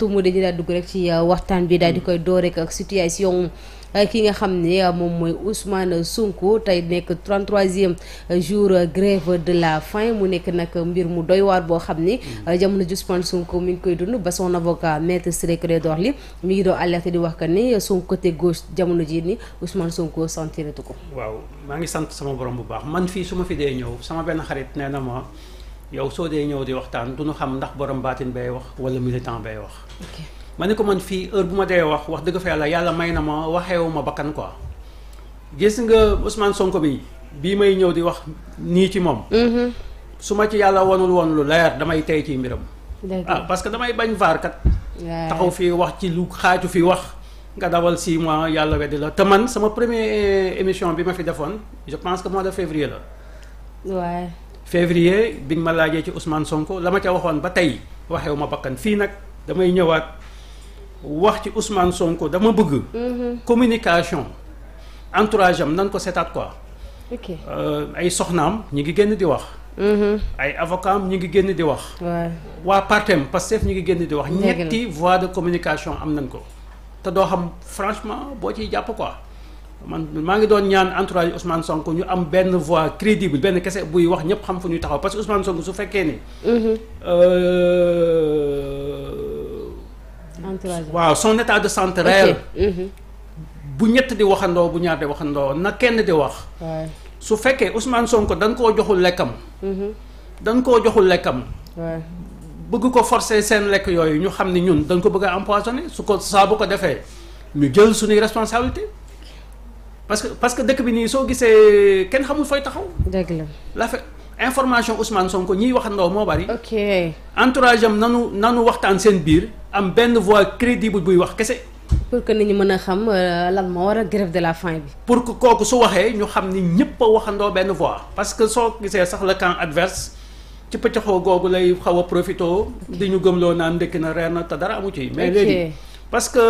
tumu dañu daal dugg ci euh, waxtaan bi daal di koy door ak situation euh, ki nga xam ne euh, moom mooy Ousmane Sonko tey nekk 33e jour grève de la fin mu nekk nag mbir mu doy waar boo xam ne mm. jamono ji Ousmane Sonko mu ngi koy dund ba son avocat maître Ciré Clédor li mi ngi doo alerte di wax que ni son côté gauche jamono ji ni Ousmane Sonko sentiratu ko. waaw maa ngi sant sama borom bu baax man fii suma fi dee ñëw sama benn xarit nee na ma. yow soo dee ñëw di waxtaan du ñu xam ndax borom baatin bay wax wala militant bay wax. ma ne ko man fii heure bu ma dee wax wax dëgg fa yàlla yàlla may na ma waxeewu ma bakkan quoi. gis nga Ousmane Sonko bi bii may ñëw di wax nii ci moom. Mhm. su ma ci yàlla wanul woon lu leer damay tey ci mbiram. ah parce que damay bañ vaar kat. taxaw fii wax ci lu xaaju fi wax. nga dawal six mois yàlla weddi la te man sama première eh, émission bi ma fi defoon je pense que mois de février février bi nga ma laajee ci Ousmane Sonko la ma ca waxoon ba tey waxewu ma bakkan fii nag damay ñëwaat wax ci Ousmane Sonko dama bëgg. Mhm. communication entourage am nan ko seetaat quoi. ok euh, ay soxnaam ñu ngi génn di wax. Mhm. ay avocat am ñi ngi génn di wax. waa partem Pastef ñu ngi génn di wax. ñetti voie de communication am nañ ko. te doo xam franchement boo ciy jàpp quoi. man maa ngi doon ñaan entourage Ousmane Sonko ñu am benn voix crédible benn kese buy wax ñëpp xam fu ñuy taxaw parce que Ousmane Sonko su fekkee ni. Mhm. Euh, entourage waaw son état de santé réel. Mhm. bu ñett di waxandoo bu ñaar di waxandoo na kenn di wax. su fekkee Ousmane Sonko dañ koo joxul lekkam. Mhm. dañ koo joxul lekkam. bëgg ko forcer seen lekk yooyu ñu xam ni ñun dañ ko bëgg a empoisonné su ko saa bu ko defee ñu jël suñuy responsabilité. parce que parce que dëkk bi nii soo gisee kenn xamul fooy taxaw. dëgg la la fa information Ousmane Sonko ñiy waxandoo moo bari. ok entourage am nanu nanu waxtaan seen biir am benn voix crédible buy wax kese. pour que ni ñu mën a xam euh, lan moo war a grève de la fen bi. pour que kooku su waxee ñu xam ni ñëpp a waxandoo benn voix. parce que soo gisee sax le camp adverse ci pëccëxoo googu lay xaw a profité di ñu gëmloo naan ndekki na reer na te dara amu ci. mais parce que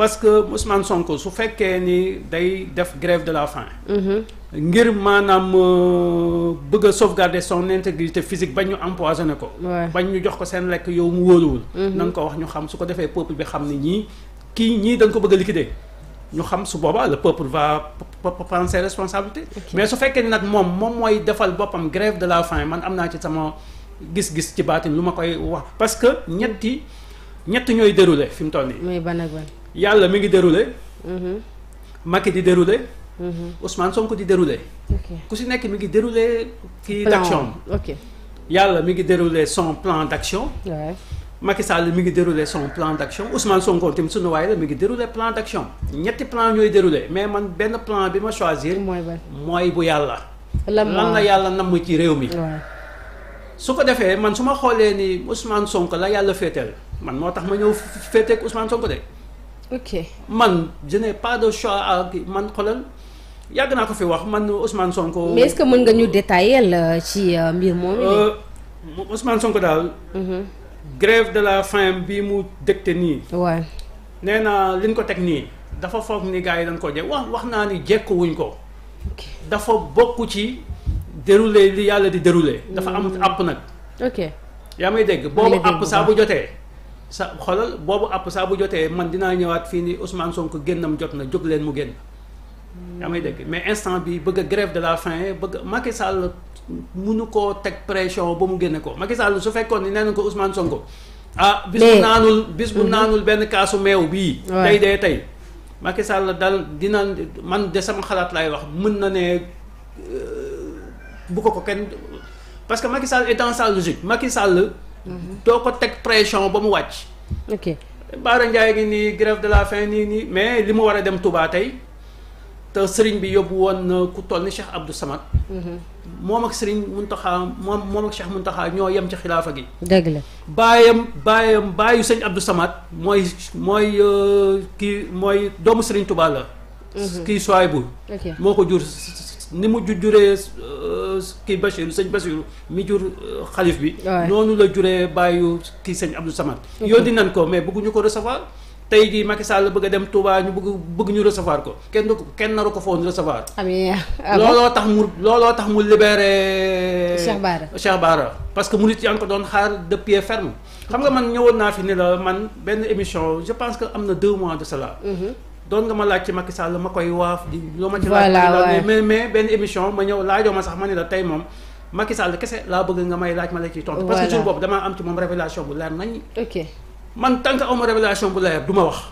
parce que Ousmane Sonko su fekkee ni day def grève de la faim. Mhm. ngir maanaam euh, bëgg a sauvegarder son integrité physique bañ ñu empoisonné ko. bañ ñu jox ko seen lekk yow mu wóoruwul. Mhm. na nga ko wax ñu xam su ko defee peuple bi xam ni ñii kii ñii dañ ko bëgg a ñu xam su boobaa le peuple va prendre ses responsabilités. mais su fekkee ni nag moom moom mooy defal boppam grève de la faim man am naa ci sama gis-gis ci baatin lu ma koy wax parce que ñetti. ñett ñooy déroulé fi mu toll nii. muy ban ak ban. yàlla mi ngi déroulé. Mhm. Macky di déroulé. Mhm. Ousmane Sonko di déroulé. ku si nekk mi ngi déroulé. kii d'action ok yàlla mi ngi déroulé son plan d'action. Ouais. Macky Sall mi ngi déroulé son plan d'action Ousmane Sonko tamit sunu waay la mi ngi déroulé plan d'action ñetti plan ñooy déroulé mais man benn plan bi ma choisir. mooy bu yàlla. lan la yàlla namm ci réew mi. su ko defee man su ma xoolee ni Ousmane sonk la yàlla féetal. man moo tax ma ñëw féeteeg Ousmane ko de. ok man je n'ai pas de choix à man xoolal yàgg naa ko fi wax man Ousmane Sonko. mais est-ce que mën nga ñu détailler ci euh, mbir euh, moom mi. Ousmane Sonko daal. Mhm. grève de la faim bi mu dégte nii. waaw nee naa li ko teg nii dafa foog ni gars yi dañ ko jekk wax wax naa ni jekkuwuñ ko. dafa bokk ci déroulé li yàlla di déroulé. dafa am àpp mm. nag. ok yaa may dégg boobu àpp saa bu jotee. sa xoolal boobu àpp saa bu jotee man dinaa ñëwaat fii ni Ousmane Sonko génnam jot na jóg leen mu génn. yaa may dégg mais instant bi bëgg a grève de la fin bëgg Macky Sall mënu ko teg pression ba mu génne ko Macky sàll su fekkoon ni nee na ko Ousmane Sonko. ah bis bu naanul bis bu mhm. naanul benn kaasu meew bii. tey dee tey. Macky sàll dal dina man de sama xalaat lay wax mën na ne euh, bu ko ko kenn parce que Macky Sall est dans sàll logique Macky Sall. doo ko teg pression ba mu wàcc. ok Baara Ndiaye ngi nii grève de la faim nii nii mais li mu war a dem Touba tey te sëriñ bi yóbbu woon ku toll ni Cheikh Abdou Samad. Mhm. moom ak sëriñ Mountakha moom moom ak Cheikh Mountakha ñoo yem ci xilaafa gi. dëgg la baayam baayam baayu sëñ Abdou Samad mooy mooy euh, kii mooy doomu sëriñ tubaa la. Mhm. kii Souaïbou. moo ko jur ni mu juree euh, kii Bachir sëñ Bachir mi jur euh, xalif bi. noonu la jure bàyyi kii sëñ Abdou Samad. yónni nañ ko mais bëgguñu ko recevoir. tey jii Macky Sall bëgg dem Touba ñu bëgg bëgg ñu recevoir ko kenn du kenn naru ko foon recevoir. amiin ah looloo tax mu looloo tax mu libéré. Cheikh Bara Cheikh Bara parce que mu nit yaa ngi ko doon xaar de pied ferme. xam nga man ñëwoon naa fi ni la man benn émission je pense que am na deux mois de cela. Mm-hmm. doon nga ma laaj ci Macky Sall ma koy waaf di loo ma ci laaj mais mais benn émission ma ñëw laajoo ma sax ma ne la tey moom Macky Sall kese laa bëgg nga may laaj ma la ci tontu parce que jour boobu damaa am ci moom révélation bu leer nañ ok man tant que awma bu leer du ma wax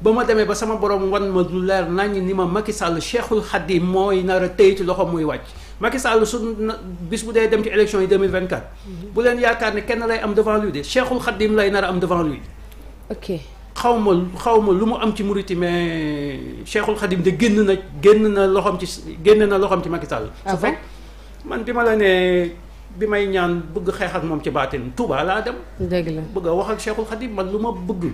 ba ma demee ba sama borom wan ma lu leer nañ ni ma Macky Sall Cheikhul Khadim mooy nara a téy ci loxo muy wàcc Macky Sall su bis bu dee dem ci élection yi 2024 mhm. bu leen yaakaar ne kenn lay am devant lui de Cheikhul Khadim lay nar am devant lui xaw ma xaw ma lu mu am ci muriti mais Cheikhul Khadim de génn na génn na loxoom ci génn na loxoom ci Macky Sall. Ah su fekk man bi ma la ne bi may ñaan bëgg xeex moom ci baatin Touba laa dem. dëgg la bëgg a wax ak Cheikhul Khadim man lu ma bëgg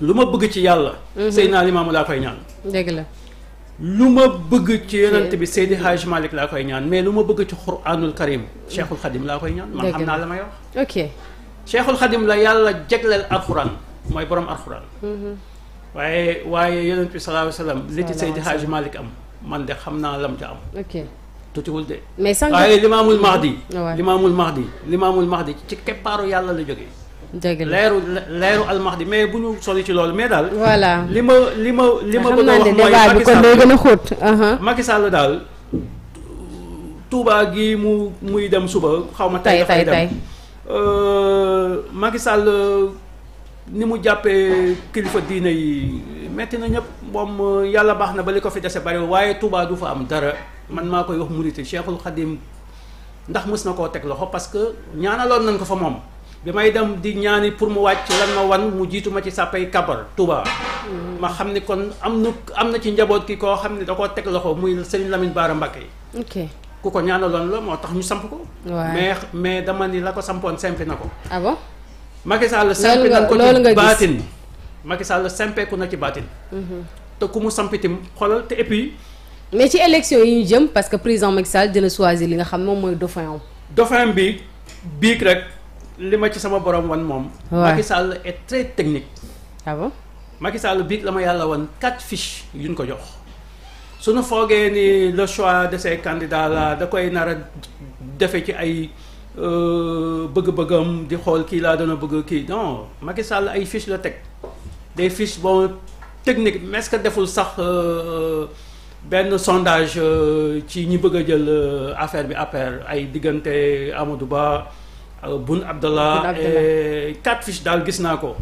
lu ma bëgg ci yàlla. Mhm. Seydina Limaamu laa koy ñaan. dëgg la. lu ma bëgg ci yonent bi Seydi Hajj Malick laa koy ñaan mais lu ma bëgg ci Qur'anul Karim Cheikhul Khadim laa koy ñaan. man xam naa la may wax. ok Cheikhul Khadim la yàlla ak alxuraan. mooy borom alxuraan. Mm-hmm. waaye waaye yonent bi salaahu salaam. li ci Seydi Hadji Malick am man de xam naa lam ca am. ok tuutiwul de. mais sànq waaye limaamul mahdi. waaw ah limaamul mahdi limaamul mahdi ci keppaaru yàlla la jógee. dëgg la leeru leeru mais bu ñu sori ci loolu mais daal. voilà li ma li ma li ma bëgg a wax mooy Macky Sall day a xóot. Uh-huh. Macky Sall daal Touba gi mu muy dem suba. xaw ma tey tey tey euh, Macky ni mu jàppee kilifa diine yi metti na ñëpp moom euh, yàlla baax na bale ko fi dese bariwul waaye Touba du fa am dara man maa koy wax murite Cheikhul Khadim ndax mës na koo teg loxo parce que ñaanaloon nañ ko fa moom bi may dem di ñaani pour mu wàcc lan ma wan mu jiituma ma ci sàppay kabar Touba. Mm-hmm. ma xam ni kon am na am na ci njaboot ki koo xam ne da koo teg loxo muy Serigne Lamine Bara Mbacké yi ok ku ko ñaanaloon la moo tax ñu samp ko mais mais dama ni la ko sampoon simpi na ko ah Macky Sall sampi na ko ci baatin Macky Sall na ci baatin te ku mu sampitim xoolal te et mais ci élection yi ñu jëm parce que président Macky Sall dina choisir li nga xam moom mooy dauphin dauphin bi biig rek li ma ci sama borom wan moom Macky Sall est très technique ah bon biig la ma yàlla wan quatre fiches yuñ ko jox suñu foogee ni le choix de ces candidats da koy nar defe ci ay Euh, bëgg-bëggam di xool kii laa doon bëgg kii non Macky ay fiche la teg des fiches boo technique mais est que deful sax euh, euh, benn sondage ci ñi bëgg a jël affaire bi affaire ay diggante Amadou Ba Boun Abdallah et quatre fiches daal gis naa ko.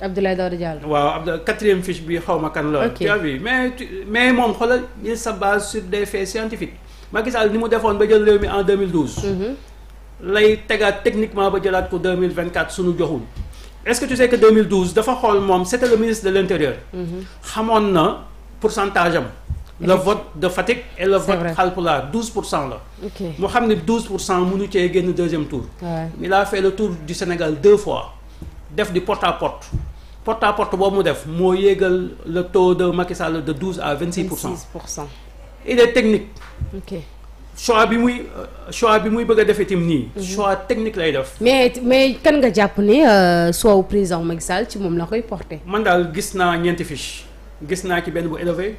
Abdoulaye Daouda Diallo waaw Abdoulaye quatrième fiche bi xaw ma kan la. tu as vu mais mais moom xoolal sa se base sur des faits scientifiques Macky ni mu defoon ba jël réew mi en 2012. lay tegaat techniquement ba jëlaat ko 2024 suñu joxul est-ce que tu sais que 2012 dafa xool moom c'était le ministre de l'intérieur mm-hmm. xamoon na pourcentage am le vote de Fatick et le vote Halpulaar 12 pour cent la mu xam ne 12 pour cent mënu cee génn deuxième tour il a fait le tour du Sénégal deux fois def di porte à porte porte porte boobu mu def moo yégal le taux de Macky Sall de 12 à 26 pour cent il est technique choix bi muy choix bi muy bëgg a defee itam nii. Mhm. choix technique lay def. mais mais kan nga jàpp ne euh, soowu président Macky Sall ci moom la koy porté. man daal gis naa ñeenti fiche gis naa ci benn bu élevé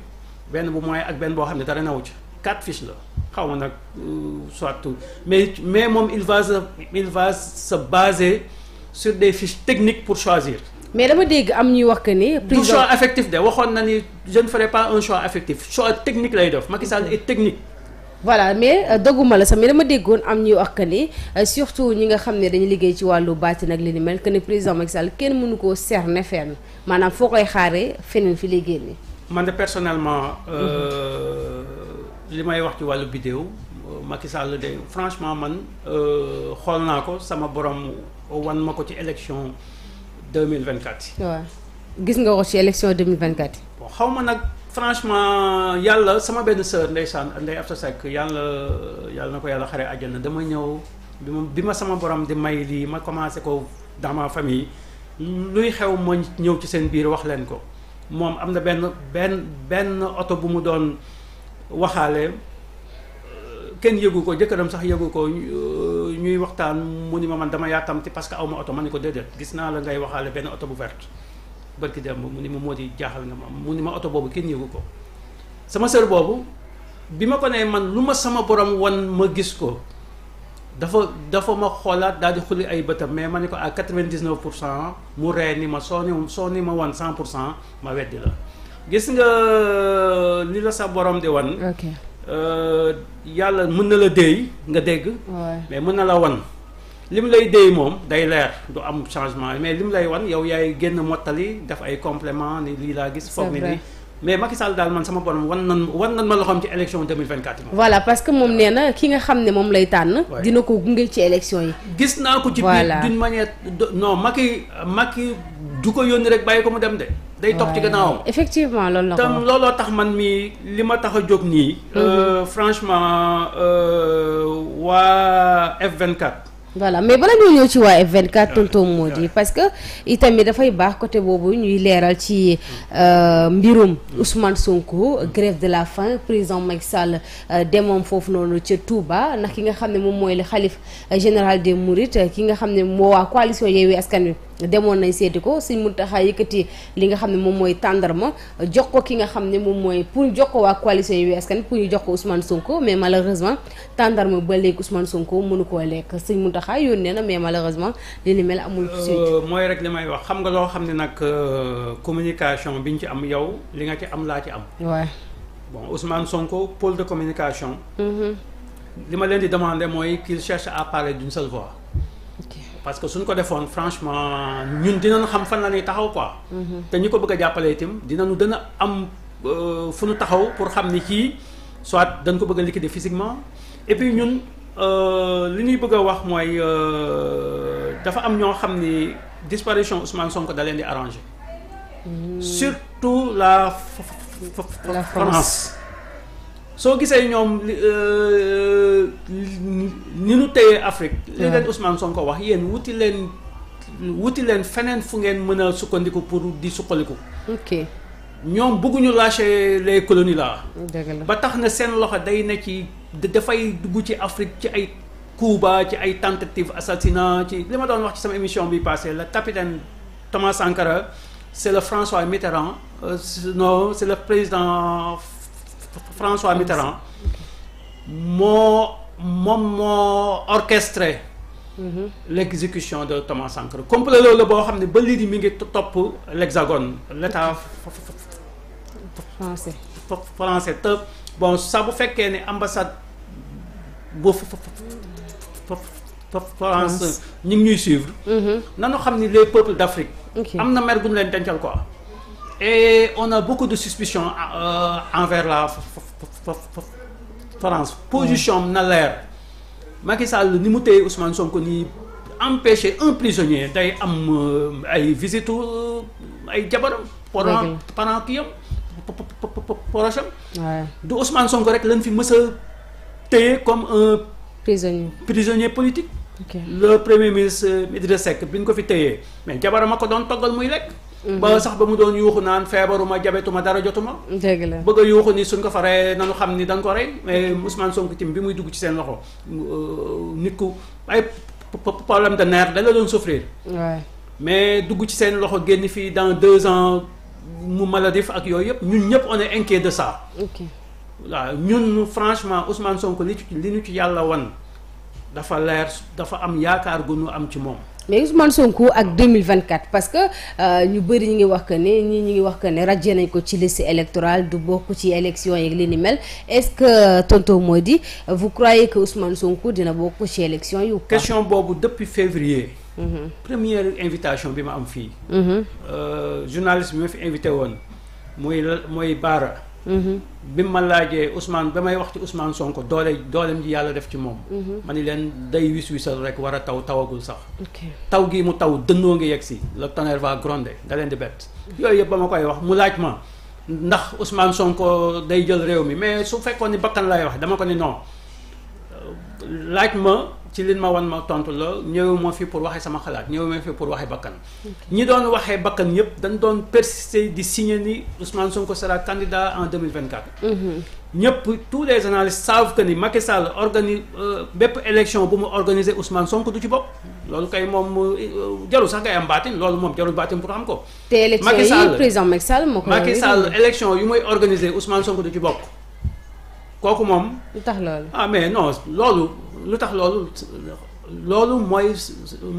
benn bu moyen ak benn boo xam ne dara nawu ci quatre fiches la xaw ma nag euh, soit tout mais mais moom il va se il va se baser sur des fiches techniques pour choisir. mais dama dégg am ñuy wax que ni président de waxoon na ni je ne ferai pas un choix affectif choix technique lay def Macky Sall technique. voilà mais euh, dëgguma la sax mais dama déggoon am ñu wax que ni euh, surtout ñi nga xam ne dañu liggéey ci wàllu baatin ak li ni mel que ni président Macky Sall kenn mënu koo cerner fenn maanaam foo koy xaaree feneen fi lay génne. man de personnellement. Euh, mhm. li may wax ci wàllu vidéo Macky Sall de franchement man xool naa ko sama borom wan ma ko ci élection 2024. waaw gis nga ko ci élection 2024. bon xaw ma nag. franchement yàlla sama benn sœur ndeysaan ndey Afsa Seck yàlla yàlla na ko yàlla xare àjjana dama ñëw bi ma bi ma sama borom di may lii ma commencé ko dans ma famille luy xew ma ñëw ci seen biir wax leen ko moom am na benn benn benn oto bu mu doon waxaale kenn yëgu ko jëkkëram sax yëgu ko ñuy waxtaan mu ni ma man dama yaatam ci parce que aw ma oto ma ni ko déedéet gis naa la ngay waxaale benn oto bu verte ki dem mu ni ma moo di jaaxal nga ma mu ni ma oto boobu kenn yëgu ko sama sër boobu bi ma ko nee man lu ma sama borom wan ma gis ko dafa dafa ma xoolaat daal di xulli ay bëtam mais ma ne ko à quatre-vingt-dix-neuf pour cent mu ree ni ma soo ni soo ni ma wan cent pour cent ma weddi la gis nga euh, li la sa borom di wan euh, yàlla mën na la déey nga dégg mais mën na la wan li lim lay déy moom day leer du am changement mais li mu lay wan yow yaay génn mottali def ay complément ni lii laa gis. foog ni lii mais Macky Sall daal man sama borom wan nan wan nan ma loo xam ci élection 2024 yi. voilà parce que moom nee ki nga xam ne moom lay tànn. dina ko gunge ci élection yi. gis naa ko ci biir d'une manière non Macky Macky du ko yónni rek bàyyi ko mu dem de. day topp ci gannaawam effectivement loolu tam looloo tax man mi li ma tax a jóg nii. Mhm. Euh, franchement euh, waa F24. voilà mais bala ñoo ñëw ci waa F24 tonton Modji parce que itamit dafay baax côté boobu ñuy leeral ci euh, mbirum mm. Ousmane Sonko grève de la faim président Macky Sall euh, demoom foofu noonu ca Touba ndax ki nga xam ne moom mooy le xalifa général de Mourides ki nga xam ne moo waa coalition Yewwi Askan Wi demoon nañ seeti ko sëñ Muntaxa yëkkati li nga xam ne moom mooy tàndarma jox ko ki nga xam ne moom mooy pour jox ko waa coalition Yewwi Askan Wi pour ñu jox ko Ousmane Sonko mais malheureusement tàndarma ba léegi Ousmane Sonko mënu koo lekk sëñ Muntaxa yónnee na mais malheureusement li ni mel amul suite euh, mooy rek li may wax xam nga loo xam ne nag euh, communication bi ñu ci am yow li nga ci am laa ci am waaw bon Ousmane Sonko pôle de communication mm-hmm. li ma leen di demander mooy qu'il cherche à parler d'une seule voix parce que suñ ko defoon franchement ñun dinañ xam fan la ñuy taxaw koi mhm. te ñi ko bëgg a jàppale itam dinañu gën a am euh, fu ñu taxaw pour xam ni kii soit dañ ko bëgg a liquider physiquement et puis ñun euh, li ñuy bëgg a wax mooy euh, dafa am ñoo xam ni disparition Ousmane Sonko da di arranger. Mm. surtout la. la France. soo gisee ñoom euh, ni nu téyee Afrique li leen Ousmane Sonko wax yéen wuti leen wuti leen feneen fu ngeen mën a sukkandiku pour di suqaliku ok ñoom bëgguñu lâcher les colonies là ba tax na seen loxo day ne ci dafay dugg ci Afrique ci ay Cuba ci ay tentative assassinat ci li ma doon wax ci sama émission bi passé la capitaine Thomas Sankara c'est le François Mitterrand euh, c'est le président François Mitterrand moo moom moo orchestré l' exécution de Thomas Sankara complot loolu la boo xam ne ba léegi mi ngi topp l' hexagone l' état français te bon sax bu fekkee ne ambassade bu France ñu ngi ñuy suivre mm-hmm. nanu xam ne les peuples d' am na mer gu ñu leen dencal quoi et on a beaucoup de suspicions euh, envers la France. position am na leer Macky Sall ni mu téye Ousmane Sonko ni empêcher un prisonnier day am euh, ay visite euh, ay jabaram. pendant pendant kii am proche du Ousmane Sonko rek lañ fi mës a téye comme un. prisonnier prisonnier politique. le premier ministre euh, Idrissa Seck bi nu ko fi téye mais jabaram a doon toggal muy lekk. Mhm. ba sax ba mu doon yuuxu naan feebaruma jabetuma dara jotuma dëgg la bëgg a yuuxu ni suñ ko fa rey nañu xam ni dañ ko rey mais Ousmane Sonko tim bi muy dugg ci seen loxo euh, nit ku ay problème de nerf da nga doon souffrir mais dugg ci seen loxo génn fii dans deux ans mu maladif ak yooyu yëpp ñun ñëpp on est inquiet de ça waaw ñun franchement Ousmane Sonko li ci li ñu ci yàlla wan dafa leer dafa am yaakaar gu ñu am ci moom mais Ousmane Sonko ak 2024 parce que euh, ñu bëri ñu ngi wax que ne ñii ñu ngi wax que ne rajee nañ ko ci liste électorale du bokk ci élection yeeg li ni mel est-ce que tonton Mody vous croyez que Ousmane Sonko dina bokk ci élection yu question boobu depuis février mhm. première invitation bi ma am fii mhm. euh, journaliste bi ma fi invité woon mooy mooy Baara Mm-hmm. bi ma laajee Ousmane ba may wax ci Ousmane Sonko doole dooleem ji yàlla def ci moom. Mm-hmm. ma ni leen day wis wisal rek war a taw tawagul sax. taw gi mu taw dënnoo ngi yegg si le tonnerre va gronder da leen di bett. yooyu yëpp ba ma koy wax mu laaj ma ndax Ousmane Sonko day jël réew mi mais su fekkoon ni bakkan lay wax dama ko ni non laaj ma. ci leen ma wan ma tontu la ñëw ma fi pour waxee sama xalaat ñëw ma fi pour waxee bakkan ñi doon waxee bakkan yépp dañ doon persister di signer ni Ousmane Sonko sera candidat en vingt 2024 ñëpp tous les analystes savent que ni Macky Sall organi euh, bépp élection bu mu organiser Ousmane Sonko du ci bopp loolu kay moom euh, jarul sax ngay am baatin loolu moom jarul baatin pour xam ko. te élection yi président Macky Sall moo ko Macky Sall élection yu muy organiser Ousmane Sonko du ci bopp. kooku moom. lu tax loolu. ah mais non loolu lu tax loolu loolu mooy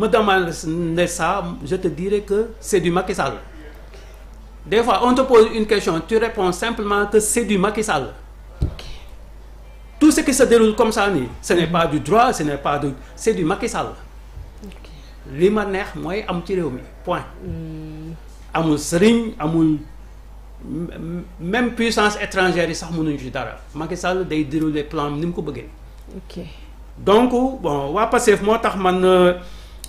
me demande ne ça je te dire que c'est du Macky Sall des fois on te une question tu réponds simplement que c'est du Macky Sall tout ce qui se déroule comme ça nii ce n'est mm-hmm. pas du droit ce n'est pas du c'est du Macky li ma neex mooy am ci réew mi point mm. amul sëriñ amul. même puissance étrangère yi sax mu mënuñu ci dara Macky Sall day dérouler plan ni mu ko bëggee. ok donc bon waa Pastef moo tax man euh,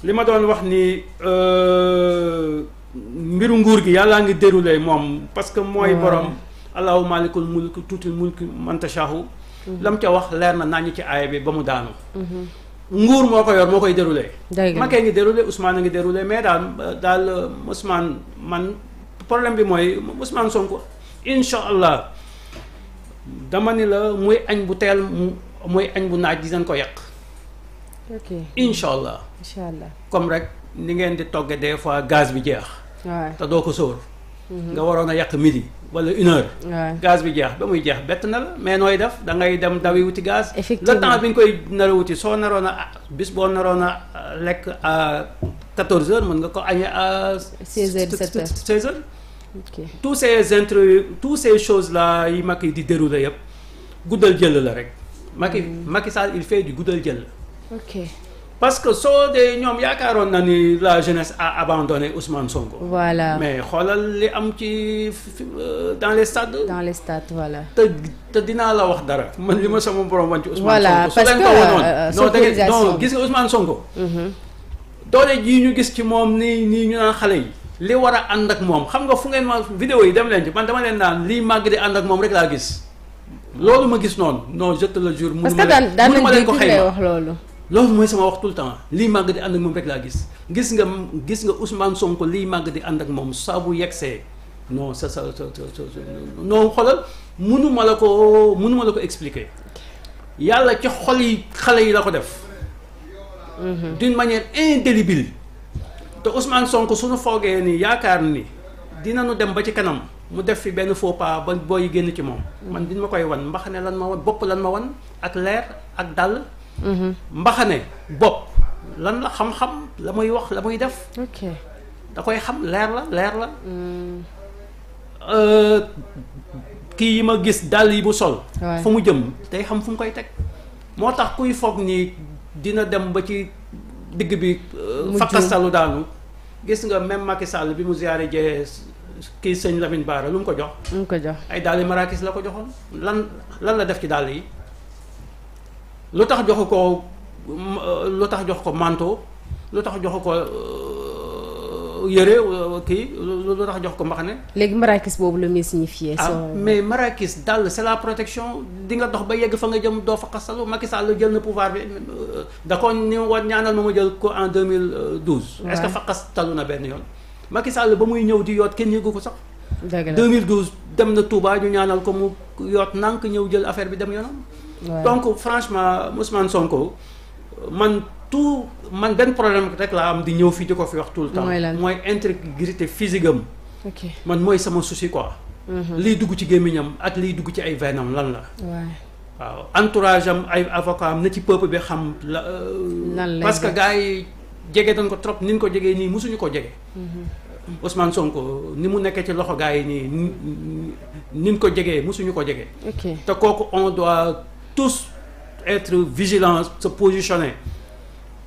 li ma doon wax ni euh, mbiru nguur gi yàllaa ngi dérouler moom parce que mooy borom allahu malikul mulki tuutil mulki mantashahu mhm. lam ca wax leer na ñu ci aaya bi ba mu daanu mhm. nguur moo ko yor moo koy dérouler Macky ngi dérouler Ousmane a ngi dérouler mais daal daal Ousmane man problème bi mooy Ousmane Sonko incha allah dama ni la muy añ bu teel muy añ bu naaj di dañ ko yàq. ok incha allah. incha allah comme rek ni ngeen di togge des fois gaz bi jeex. te doo ko sóor. Mhm. nga waroon a yàq midi wala une gaz bi jeex ba muy jeex bett na la mais nooy def da ngay dem dawi wuti gaz. le temps bi nga koy nar a wuti soo naroon a bis boo naroon a lekk a 14 heures mën nga ko añee à. 16 heures 17 heures Okay. tous ces intrus tous ces choses là yi Macky di dérouler yëpp guddal jël la rek. Macky mm. Macky Sall il fait du guddal jël la. ok parce que soo dee ñoom yaakaaroon na ni la jeunesse a abandonné Ousmane Sonko. voilà mais xoolal li am ci euh, dans les stades. dans les stades voilà. te te dinaa la wax dara. man li ma sama borom wan ci Ousmane Sonko. su leen ko euh, wanoon euh, non da ngeen non gis nga Ousmane Sonko. Mm-hmm. doole jii ñu gis ci moom ni nii ñu naan xale yi. li war a ànd ak moom xam nga fu ngeen ma vidéo yi dem leen ci man dama leen naan lii màgg di ànd ak moom rek laa gis loolu ma gis noonu non je te le daan daan nañ ko xayma wax mooy sama wax tout le temps màgg di ànd ak moom rek gis gis nga gis nga Ousmane Sonko lii màgg di ànd ak moom saa bu yegsee non sa sa sa sa xoolal munu ma la ko munu ma la ko expliquer yàlla ci xol yi xale yi la ko def. Mhm. d'une manière indélébile. te Ousmane Sonko suñu foogee nii yaakaar ni dinañu dem ba ci kanam mu def fi benn faux pas ba booy génn ci moom man dina ma koy wan mbaxane lan ma wan bopp lan ma wan ak leer ak dàll mhm. mbaxane bopp lan la xam-xam la muy wax la muy def da koy xam leer la leer la mm. euh, kii yi ma gis dàll yi bu sol fa mu jëm tey xam fu mu koy teg moo tax kuy foog nii dina dem ba ci digg bi euh, fakkastalu daanu gis nga même Macky Sall bi mu ziare jee kii sëñ Lamine Bara lu mu ko jox. lu mu ko jox ay dàll yu marakis la ko joxoon lan lan la def ci dàll yi lu tax joxu ko lu tax jox ko manto lu tax joxu ko. yëre kii lu tax jox ko mbax ne léegi marakis boobu la muy signifié. ah mais marakis dàll c'est la protection di nga dox ba yegg fa nga jëm doo fa xasalu Macky Sall jël na pouvoir bi euh, da wa ñaanal ma ma jël ko en 2012. est-ce que fa na benn yoon. Macky Sall ba muy ñëw di yoot kenn yëgu ko sax. dëgg la 2012 dem na Touba ñu ñaanal ko mu yoot nànk ñëw jël affaire bi dem yoonam. donc franchement Ousmane Sonko man. tout man benn problème rek laa am di ñëw fii di ko fi wax tout le temps. mooy lan mooy intégrité physique am. ok man mooy sama souci quoi. Mhm. liy dugg ci gémmiñam ak liy dugg ci ay venam lan la. waaw entourage am ay avocat am na ci peuple bi xam la. Euh, lan parce que gars yi jege dañ ko trop ni ñu ko jegee nii mosuñu ko jege. Mhm. Ousmane Sonko ni mu nekkee ci loxo gars yi nii ni ñu ko jegee mosuñu ko jege. ok te kooku on doit tous être vigilance se positionner.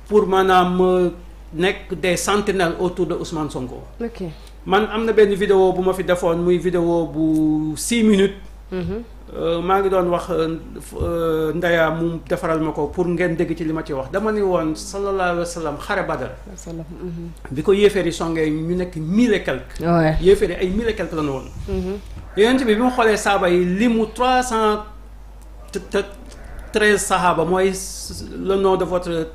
pour maanaam euh, nekk des sentinelles autour de Ousmane Sonko. man am na benn vidéo bu ma fi defoon muy vidéo bu 6 minutes. Mhm. Euh, maa ngi doon wax euh, Ndaya mu defaral ma ko pour ngeen dégg ci li ma ci wax dama ni woon sallallahu alayhi wa sallam xare Badar. Mhm. bi ko yéefeer yi songee ñu nekk mille et quelques. ay mille et quelques la ñu woon. Mhm. yonent bi bi mu xoolee saaba yi li mu trois cent treize sahaaba mooy le de votre.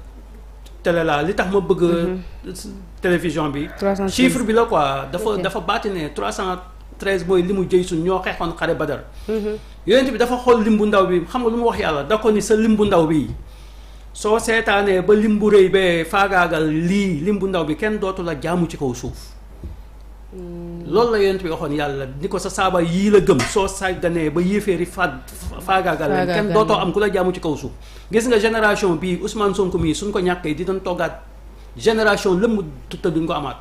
télé la li tax ma bëgg mhm. télévision bi chiffre bi la quoi dafa dafa baati ne trois cent treize mooy li mu jëy suñ ñoo xeexoon xare badar mhm. yonent bi dafa xool lim bu ndaw bi xam nga lu mu wax yàlla da ko ni sa lim bu ndaw bi soo seetaanee ba lim bu rëy bee faagaagal lii lim bu ndaw bi kenn dootu la jaamu ci kaw suuf loolu la yonent bi waxoon yàlla ni ko sa saaba yii la gëm soo sàgganee ba yéeféeri fa faagaagal leen kenn dootoo am ku la jaamu ci kaw suuf gis nga génération bii Ousmane Sonko mii suñ ko ñàkkee di doon toggaat génération lëmm tutta duñ ko amaat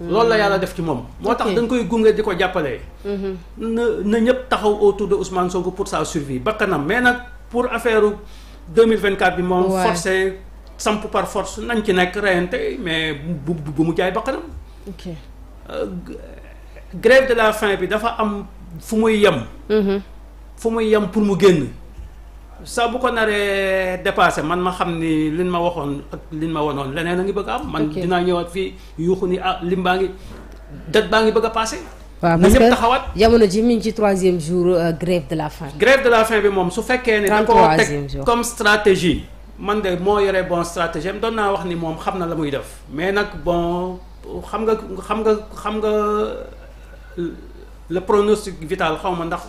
loolu la yàlla def ci moom moo tax dañ koy gunge di ko jàppale mhm. na na ñépp taxaw autour de Ousmane Sonko pour sa survie bakkanam mais nag pour vingt 2024 bi moom forcé samp par force nañ ci nekk reyante mais bu mu jaay bakkanam Euh, grève de la faim bi dafa am fu muy yem. Mhm. fu muy yem pour mu génn. saa bu ko naree dépassé man ma xam ni liñ ma waxoon ak liñ ma wanoon leneen a ngi bëgg am. man dinaa ñëwaat fii yuuxu ni ah lim baa ngi date baa ngi bëgg a passé. waaw parce que taxawaat jamono ji mi ngi ci troisième jour euh, grève de la faim. grève de la fin bi moom su fekkee ne. da koo teg comme stratégie. man de moo yore bon stratégie am doon naa wax ni moom xam na la muy def mais nag bon. xam nga xam nga xam nga le pronostic vital xaw ma ndax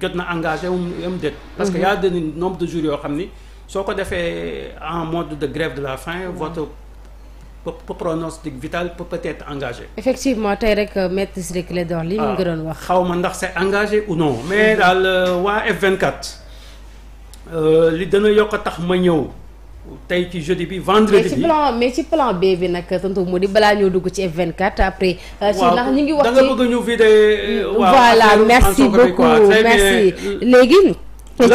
jot na engagé am déet parce que mhm. y a de nombre de jour yoo xam ni soo ko defee en mode de grève de la faim mhm. votre pronostic vital peut être engagé. effectivement tey rek euh, maître Ciré Clédor Ly li ñu ah, ngi doon wax. xaw ma ndax c'est engagé ou non mais mhm. daal euh, waa F24 euh, li dana yokk a tax ma ñëw. tey ci jeudi bi vendredi bi mais ci plan mais ci plan B bi nag tonton Mody balaa ñoo dugg ci vingt 24 après. Euh, ci ndax ñu ngi wax ci da nga bëgg ñu euh, vidé. voilà euh, léegi.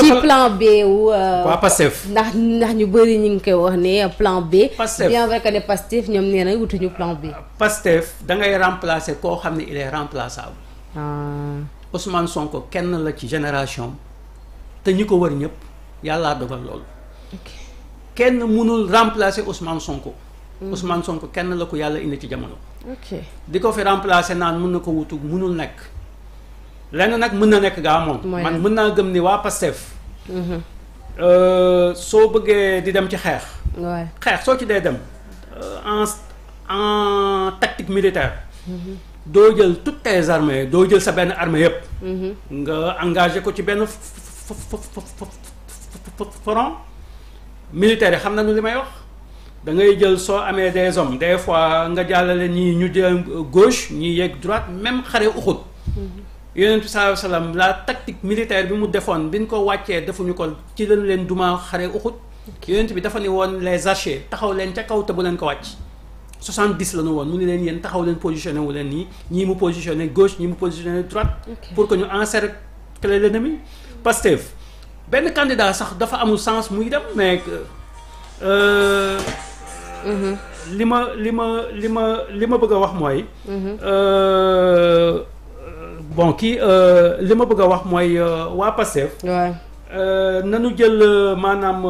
ci plan B wu. waa ndax ndax ñu bëri ñu ngi koy wax ne plan B. Pastef bien vrai ka ne Pastef ñoom nee na wutuñu plan B. Pastef da ngay remplacer koo xam ne il est remplaçable. Ah. Ousmane Sonko kenn la ci génération te ñi ko wër ñëpp yàllaa dogal loolu. kenn mënul remplacer Ousmane Sonko. Ousmane Sonko kenn la ko yàlla indi ci jamono. ok di ko fi remplacer naan mën na ko wutu mënul nekk. lenn nag mën na nekk gaa moom. man mën naa gëm ni waa Pastef. soo bëggee di dem ci xeex. xeex soo ci dee dem en en tactique militaire. doo jël toutes tes armées doo jël sa benn armée yépp nga engagé ko ci benn front. militaire yi xam nañu li may wax da ngay jël soo amee des hommes des fois nga jàllale ñii ñu jël gauche ñii yegg droite même xare uxut mm-hmm. yonent bi sallallahu alayhi wasallam la tactique militaire bi mu defoon bi ñu ko wàccee defuñu ko ci lañ leen duma xare uxut yonent bi dafa ni woon les archers taxaw leen ca kaw te bu leen ko wàcc 70 la ñu woon mu ni leen yéen taxaw leen positionné wu leen nii ñii mu positionné gauche ñii mu positionné droite pour que ñu encercler l'ennemi Pastef benn candidat sax dafa amul sens muy dem mais euh, mm-hmm. li ma li ma li ma li ma bëgg wax mooy mm-hmm. euh, bon kii euh, li ma bëgg a wax mooy waa Pastef nanu jël maanaam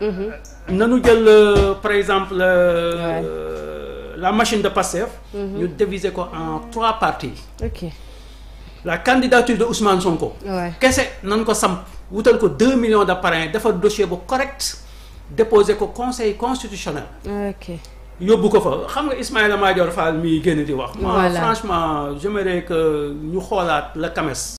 mm-hmm. nanu jël par exemple la machine de Pastef ñu diviser ko en trois parties la candidature de Ousmane ko kese nan ko samp wutal ko deux millions de parrains dafa dossier bu correct déposé ko conseil constitutionnel. ok yóbbu ko fa xam nga Ismaïla Madior Fall mi génn di wax. moi franchement j'aimerais que ñu xoolaat la CAMES.